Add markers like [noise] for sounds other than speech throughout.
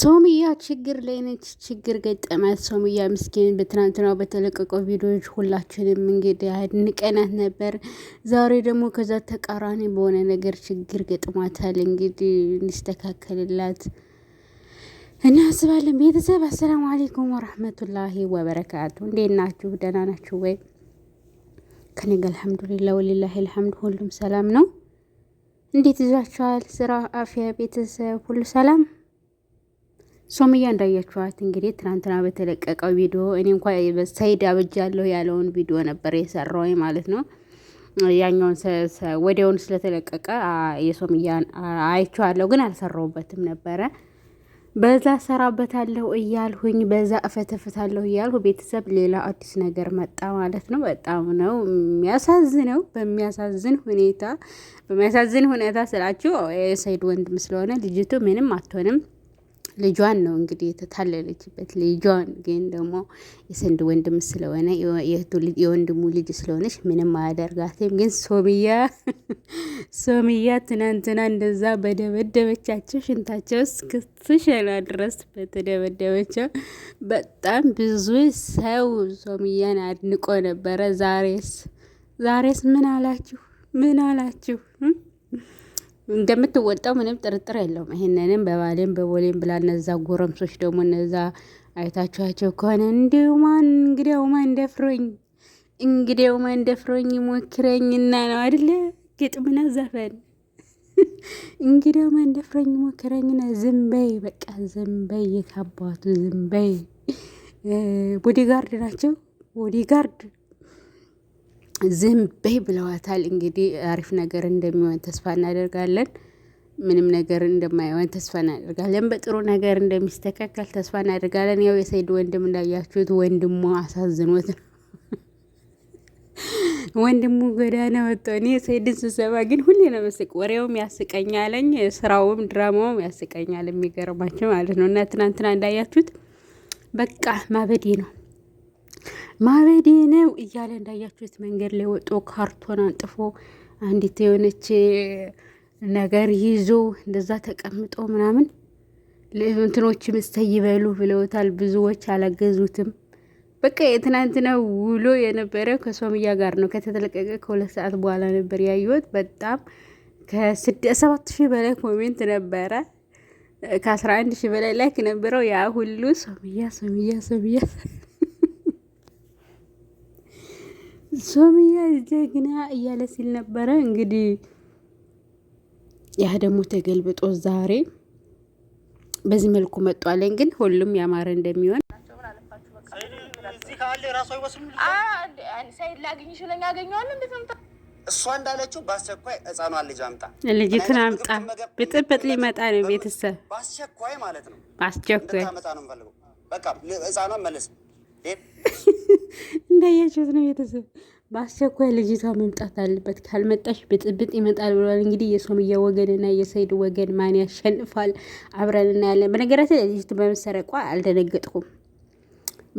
ሶምያ ችግር ላይ ነች። ችግር ገጠማት። ሶምያ ምስኪን በትናንትናው በተለቀቀው ቪዲዮዎች ሁላችንም እንግዲህ ንቀናት ነበር። ዛሬ ደግሞ ከዛ ተቃራኒ በሆነ ነገር ችግር ገጥሟታል። እንግዲህ እንዲስተካከልላት እናስባለን። ቤተሰብ አሰላሙ አሌይኩም ወራህመቱላሂ ወበረካቱ። እንዴት ናችሁ? ደህና ናችሁ ወይ? ከነገ አልሐምዱሊላ ወሊላሂ አልሐምዱ ሁሉም ሰላም ነው። እንዴት ይዟችኋል? ስራ፣ አፍያ፣ ቤተሰብ ሁሉ ሰላም ሶምያ እንዳያችኋት እንግዲህ ትናንትና በተለቀቀው ቪዲዮ እኔ እንኳ ሰይድ አብጃለሁ ያለውን ቪዲዮ ነበር የሰራው ማለት ነው። ያኛውን ወዲያውን ስለተለቀቀ የሶምያን አይቼዋለሁ፣ ግን አልሰራውበትም ነበረ። በዛ ሰራበታለሁ እያልሁኝ በዛ እፈተፍታለሁ እያልሁ ቤተሰብ ሌላ አዲስ ነገር መጣ ማለት ነው። በጣም ነው የሚያሳዝነው። በሚያሳዝን ሁኔታ በሚያሳዝን ሁኔታ ስላችሁ የሰይድ ወንድም ስለሆነ ልጅቱ ምንም አትሆንም። ልጇን ነው እንግዲህ የተታለለችበት። ልጇን ግን ደግሞ የሰንድ ወንድም ስለሆነ የወንድሙ ልጅ ስለሆነች ምንም አያደርጋትም። ግን ሶምያ ሶምያ ትናንትና እንደዛ በደበደበቻቸው ሽንታቸው እስክትሸና ድረስ በተደበደበቸው በጣም ብዙ ሰው ሶምያን አድንቆ ነበረ። ዛሬስ ዛሬስ ምን አላችሁ? ምን አላችሁ? እንደምትወጣው ምንም ጥርጥር የለውም። ይሄንንም በባሌም በቦሌም ብላ እነዛ ጎረምሶች ደግሞ እነዛ አይታችኋቸው ከሆነ እንዲው ማን እንግዲያው ማን ደፍሮኝ እንግዲያው ማን ደፍሮኝ እና ነው አይደለ ግጥምና ዘፈን [laughs] እንግዲያው ማን ደፍሮኝ ሞክረኝና ዝምበይ በቃ ዝምበይ የታባቱ ዝምበይ [laughs] ቦዲጋርድ ናቸው ቦዲጋርድ ዝም በይ ብለዋታል። እንግዲህ አሪፍ ነገር እንደሚሆን ተስፋ እናደርጋለን። ምንም ነገር እንደማይሆን ተስፋ እናደርጋለን። በጥሩ ነገር እንደሚስተካከል ተስፋ እናደርጋለን። ያው የሰይድ ወንድም እንዳያችሁት ወንድሙ አሳዝኖት ነው ወንድሙ ጎዳና ወጥቶ። እኔ ሰይድን ስሰማ ግን ሁሌ ነው መስቅ ወሬውም ያስቀኛለኝ፣ ስራውም ድራማውም ያስቀኛል። የሚገርማቸው ማለት ነው እና ትናንትና እንዳያችሁት በቃ ማበዴ ነው ማበዴ ነው እያለ እንዳያችሁት መንገድ ላይ ወጦ ካርቶን አንጥፎ አንዲት የሆነች ነገር ይዞ እንደዛ ተቀምጦ ምናምን እንትኖች ምስተይ ይበሉ ብለውታል። ብዙዎች አላገዙትም። በቃ የትናንትና ውሎ የነበረ ከሶምያ ጋር ነው። ከተለቀቀ ከሁለት ሰዓት በኋላ ነበር ያየሁት። በጣም ከሰባት ሺህ በላይ ኮሜንት ነበረ፣ ከአስራ አንድ ሺህ በላይ ላይክ ነበረው። ያ ሁሉ ሶምያ ሶምያ ሶምያ ሱመያ ጀግና እያለ ሲል ነበረ። እንግዲህ ያ ደግሞ ተገልብጦ ዛሬ በዚህ መልኩ መጧለኝ። ግን ሁሉም ያማረ እንደሚሆን እሷ እንዳለችው በአስቸኳይ ህፃኗን ልጅ አምጣ፣ ልጅቱን አምጣ። ብጥብጥ ሊመጣ ነው ቤተሰብ በአስቸኳይ ማለት ነው። በአስቸኳይ ነው በቃ ህፃኗን መለስ እንዳያችሁት ነው ቤተሰብ። በአስቸኳይ ልጅቷ መምጣት አለበት፣ ካልመጣሽ ብጥብጥ ይመጣል ብሏል። እንግዲህ የሶምያ ወገንና የሰይድ ወገን ማን ያሸንፋል አብረን እናያለን። በነገራችን ልጅቱ በመሰረቋ አልደነገጥኩም፣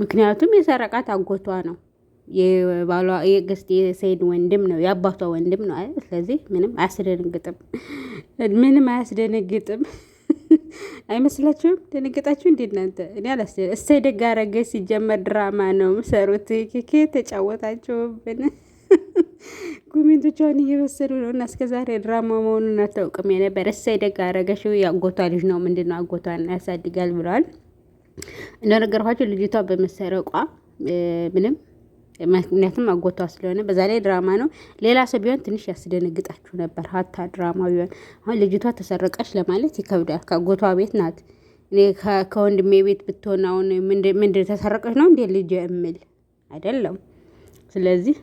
ምክንያቱም የሰረቃት አጎቷ ነው የባሏ የገስት የሰይድ ወንድም ነው የአባቷ ወንድም ነው። ስለዚህ ምንም አያስደነግጥም፣ ምንም አያስደነግጥም። አይመስላችሁም? ደነገጣችሁ እንዴ እናንተ? እኔ አላስ እሰይ ደግ አደረገች። ሲጀመር ድራማ ነው ምሰሩት። ኬኬ ተጫወታችሁብን። ጉሜንቶቿን [laughs] እየበሰሉ ነው እና እስከ ዛሬ ድራማ መሆኑን አታውቅም የነበር። እሰይ ደግ አደረገች። ያጎቷ ልጅ ነው ምንድን ነው አጎቷን ያሳድጋል ብለዋል። እንደነገርኳቸው ልጅቷ በመሰረቋ ምንም ምክንያቱም አጎቷ ስለሆነ በዛ ላይ ድራማ ነው። ሌላ ሰው ቢሆን ትንሽ ያስደነግጣችሁ ነበር። ሀታ ድራማ ቢሆን አሁን ልጅቷ ተሰረቀች ለማለት ይከብዳል። ከአጎቷ ቤት ናት። ከወንድሜ ቤት ብትሆን አሁን ምንድን ተሰረቀች ነው እንዴ ልጅ የምል አይደለም። ስለዚህ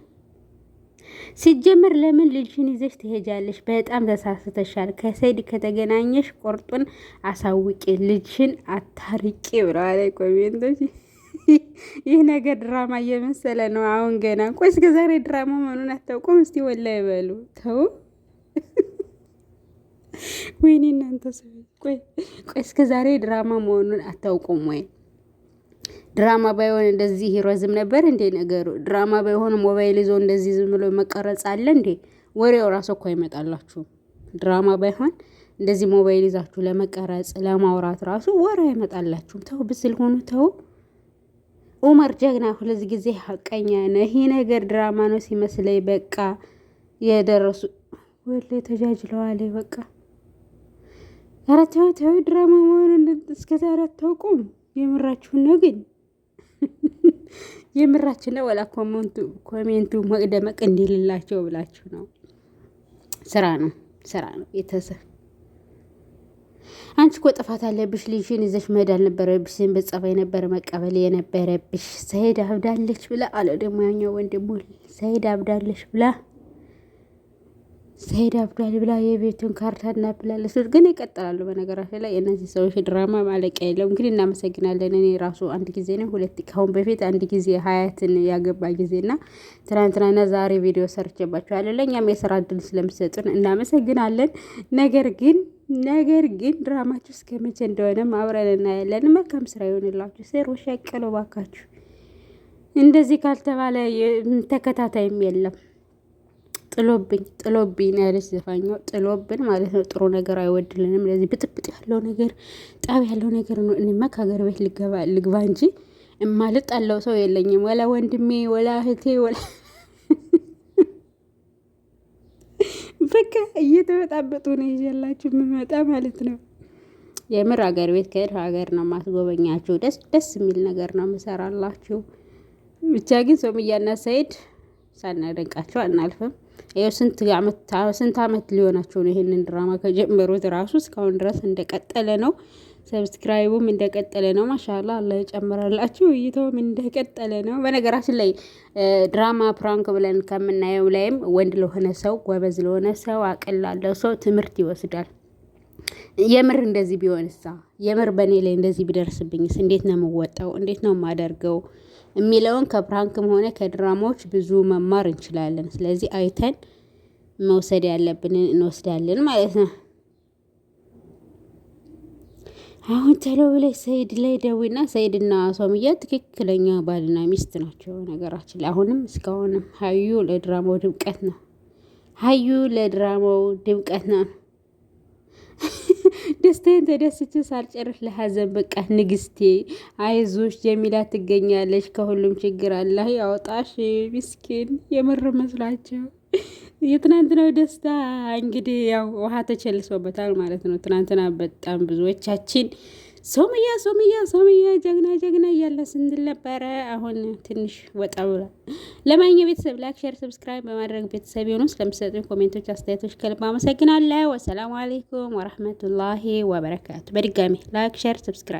ሲጀምር ለምን ልጅን ይዘሽ ትሄጃለሽ? በጣም ተሳስተሻል። ከሰይድ ከተገናኘሽ ቆርጡን አሳውቂ፣ ልጅን አታርቂ ብለዋል ኮሜንቶች ይህ ነገር ድራማ እየመሰለ ነው አሁን ገና። ቆይ እስከ ዛሬ ድራማ መሆኑን አታውቁም? እስቲ ወላ ይበሉ ተው። ወይኔ እናንተ ሰዎች፣ ቆይ ቆይ እስከ ዛሬ ድራማ መሆኑን አታውቁም ወይ? ድራማ ባይሆን እንደዚህ ይረዝም ነበር እንዴ ነገሩ? ድራማ ባይሆን ሞባይል ይዞ እንደዚህ ዝም ብሎ መቀረጽ አለ እንዴ? ወሬው ራሱ እኮ አይመጣላችሁም። ድራማ ባይሆን እንደዚህ ሞባይል ይዛችሁ ለመቀረጽ ለማውራት ራሱ ወሬ አይመጣላችሁም። ተው ብስል ሆኑ ተው። ኡመር ጀግና ሁልዚ ጊዜ ሀቀኛ ነው። ይሄ ነገር ድራማ ነው ሲመስለኝ በቃ የደረሱ ወለ ተጃጅለዋል። በቃ ኧረ ተው ተው፣ ድራማ መሆኑ እስከዛሬ አታውቁም። የምራችሁን ነው ግን [laughs] የምራችን ነው ወላ ኮሜንቱ ኮሜንቱ መቅደመቅ እንዲልላቸው ብላችሁ ነው። ስራ ነው ስራ ነው የተሰ አንቺ እኮ ጥፋት አለብሽ። ልጅሽን ይዘሽ መሄድ አልነበረብሽ። ዝም በጸባይ ነበረ መቀበል የነበረብሽ። ሰሄድ አብዳለች ብላ አለ ደግሞ ያኛው ወንድሙ ሰሄድ አብዳለች ብላ ሰሄድ አብዷል ብላ የቤቱን ካርታ እናብላለች። ግን ይቀጥላሉ። በነገራችን ላይ የእነዚህ ሰዎች ድራማ ማለቂያ የለውም። ግን እናመሰግናለን። እኔ ራሱ አንድ ጊዜ ነው ሁለት ከአሁን በፊት አንድ ጊዜ ሀያትን ያገባ ጊዜና ትናንትናና ዛሬ ቪዲዮ ሰርቼባቸዋለሁ። ለእኛም የስራ እድል ስለምሰጡን እናመሰግናለን። ነገር ግን ነገር ግን ድራማችሁ እስከ መቼ እንደሆነ አብረን እናያለን። መልካም ስራ ይሆንላችሁ። ሴሮሽ ያቀሎ ባካችሁ። እንደዚህ ካልተባለ ተከታታይም የለም። ጥሎብኝ ጥሎብኝ ነው ያለች ዘፋኛው። ጥሎብን ማለት ነው። ጥሩ ነገር አይወድልንም። ለዚህ ብጥብጥ ያለው ነገር፣ ጣብ ያለው ነገር ነው። እኔማ ከሀገር ቤት ልግባ እንጂ እማልጥ አለው ሰው የለኝም። ወላ ወንድሜ፣ ወላ እህቴ፣ ወላ በቃ እየተበጣበጡ ነው ይዤላችሁ የምመጣ ማለት ነው። የምር ሀገር ቤት ከሄድ ሀገር ነው ማስጎበኛችሁ። ደስ ደስ የሚል ነገር ነው ምሰራላችሁ። ብቻ ግን ሶምያና ሰይድ ሳናደንቃቸው አናልፍም። ይኸው ስንት ዓመት ሊሆናቸው ነው ይህንን ድራማ ከጀመሩት ራሱ እስካሁን ድረስ እንደቀጠለ ነው። ሰብስክራይቡም እንደቀጠለ ነው። ማሻላ አላህ ይጨምራላችሁ። እይቶም እንደቀጠለ ነው። በነገራችን ላይ ድራማ ፕራንክ ብለን ከምናየው ላይም ወንድ ለሆነ ሰው፣ ጎበዝ ለሆነ ሰው፣ አቅል ላለው ሰው ትምህርት ይወስዳል። የምር እንደዚህ ቢሆን የምር በእኔ ላይ እንደዚህ ቢደርስብኝስ እንዴት ነው የምወጣው? እንዴት ነው የማደርገው? የሚለውን ከፕራንክም ሆነ ከድራማዎች ብዙ መማር እንችላለን። ስለዚህ አይተን መውሰድ ያለብንን እንወስዳለን ማለት ነው። አሁን ተለው ብለሽ ሰይድ ላይ ደዊና ሰይድና ሶምያ ትክክለኛ ባልና ሚስት ናቸው። ነገራችን ላይ አሁንም እስካሁንም ሀዩ ለድራማው ድምቀት ነው። ሀዩ ለድራማው ድምቀት ነው። [laughs] ደስታዬን ተደስቼ ሳልጨርስ ለሀዘን በቃ ንግስቴ፣ አይዞሽ ጀሚላ ትገኛለች። ከሁሉም ችግር አላህ ያወጣሽ። ምስኪን የምር መስላቸው የትናንትናው ደስታ እንግዲህ ያው ውሃ ተቸልሶበታል ማለት ነው። ትናንትና በጣም ብዙዎቻችን ሶምያ ሶምያ ሶምያ ጀግና ጀግና እያለ ስንል ነበረ። አሁን ትንሽ ወጣ ብሏል። ለማንኛውም ቤተሰብ ላይክ፣ ሸር፣ ሰብስክራይብ በማድረግ ቤተሰብ የሆኑ ስለምሰጡኝ ኮሜንቶች፣ አስተያየቶች ከልብ አመሰግናለሁ። ወሰላሙ አሌይኩም ወረህመቱላሂ ወበረካቱ። በድጋሚ ላይክ፣ ሸር፣ ሰብስክራይብ